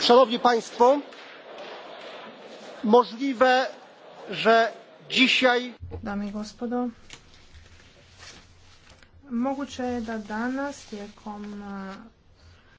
szanowni państwo możliwe że dzisiaj dame i gospodo moguće je da danas tijekom